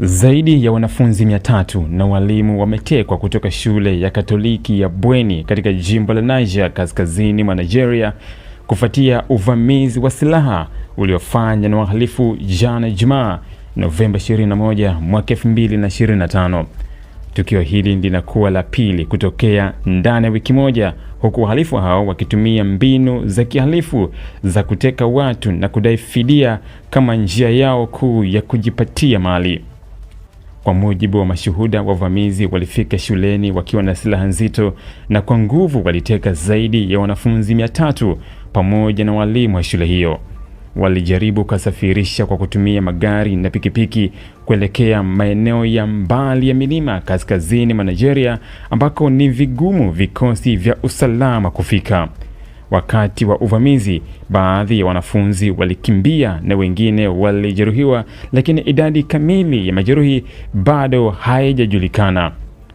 Zaidi ya wanafunzi mia tatu na walimu wametekwa kutoka shule ya Katoliki ya Bweni katika jimbo la Niger kaskazini mwa Nigeria kufuatia uvamizi wa silaha uliofanywa na wahalifu jana Ijumaa, Novemba 21 mwaka 2025. Tukio hili linakuwa la pili kutokea ndani ya wiki moja, huku wahalifu hao wakitumia mbinu za kihalifu za kuteka watu na kudai fidia kama njia yao kuu ya kujipatia mali. Kwa mujibu wa mashuhuda, wavamizi walifika shuleni wakiwa na silaha nzito na kwa nguvu waliteka zaidi ya wanafunzi mia tatu pamoja na walimu wa shule hiyo. Walijaribu kusafirisha kwa kutumia magari na pikipiki kuelekea maeneo ya mbali ya milima kaskazini mwa Nigeria ambako ni vigumu vikosi vya usalama kufika. Wakati wa uvamizi, baadhi ya wanafunzi walikimbia na wengine walijeruhiwa, lakini idadi kamili ya majeruhi bado haijajulikana.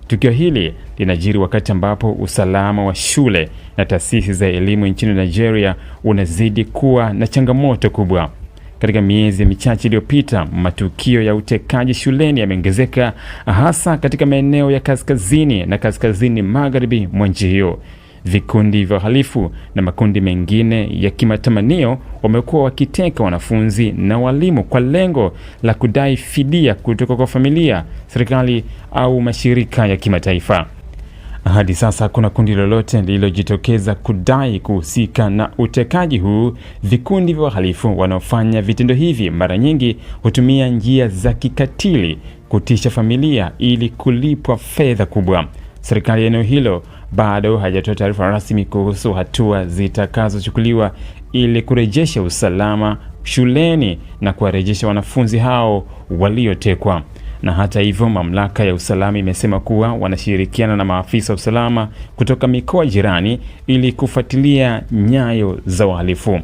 Tukio hili linajiri wakati ambapo usalama wa shule na taasisi za elimu nchini Nigeria unazidi kuwa na changamoto kubwa. Katika miezi michache iliyopita, matukio ya utekaji shuleni yameongezeka, hasa katika maeneo ya kaskazini na kaskazini magharibi mwa nchi hiyo vikundi vya uhalifu na makundi mengine ya kimatamanio wamekuwa wakiteka wanafunzi na walimu kwa lengo la kudai fidia kutoka kwa familia, serikali au mashirika ya kimataifa. Hadi sasa kuna kundi lolote lililojitokeza kudai kuhusika na utekaji huu. Vikundi vya uhalifu wanaofanya vitendo hivi mara nyingi hutumia njia za kikatili kutisha familia ili kulipwa fedha kubwa. Serikali ya eneo hilo bado hajatoa taarifa rasmi kuhusu hatua zitakazochukuliwa ili kurejesha usalama shuleni na kuwarejesha wanafunzi hao waliotekwa. Na hata hivyo, mamlaka ya usalama imesema kuwa wanashirikiana na maafisa wa usalama kutoka mikoa jirani ili kufuatilia nyayo za wahalifu.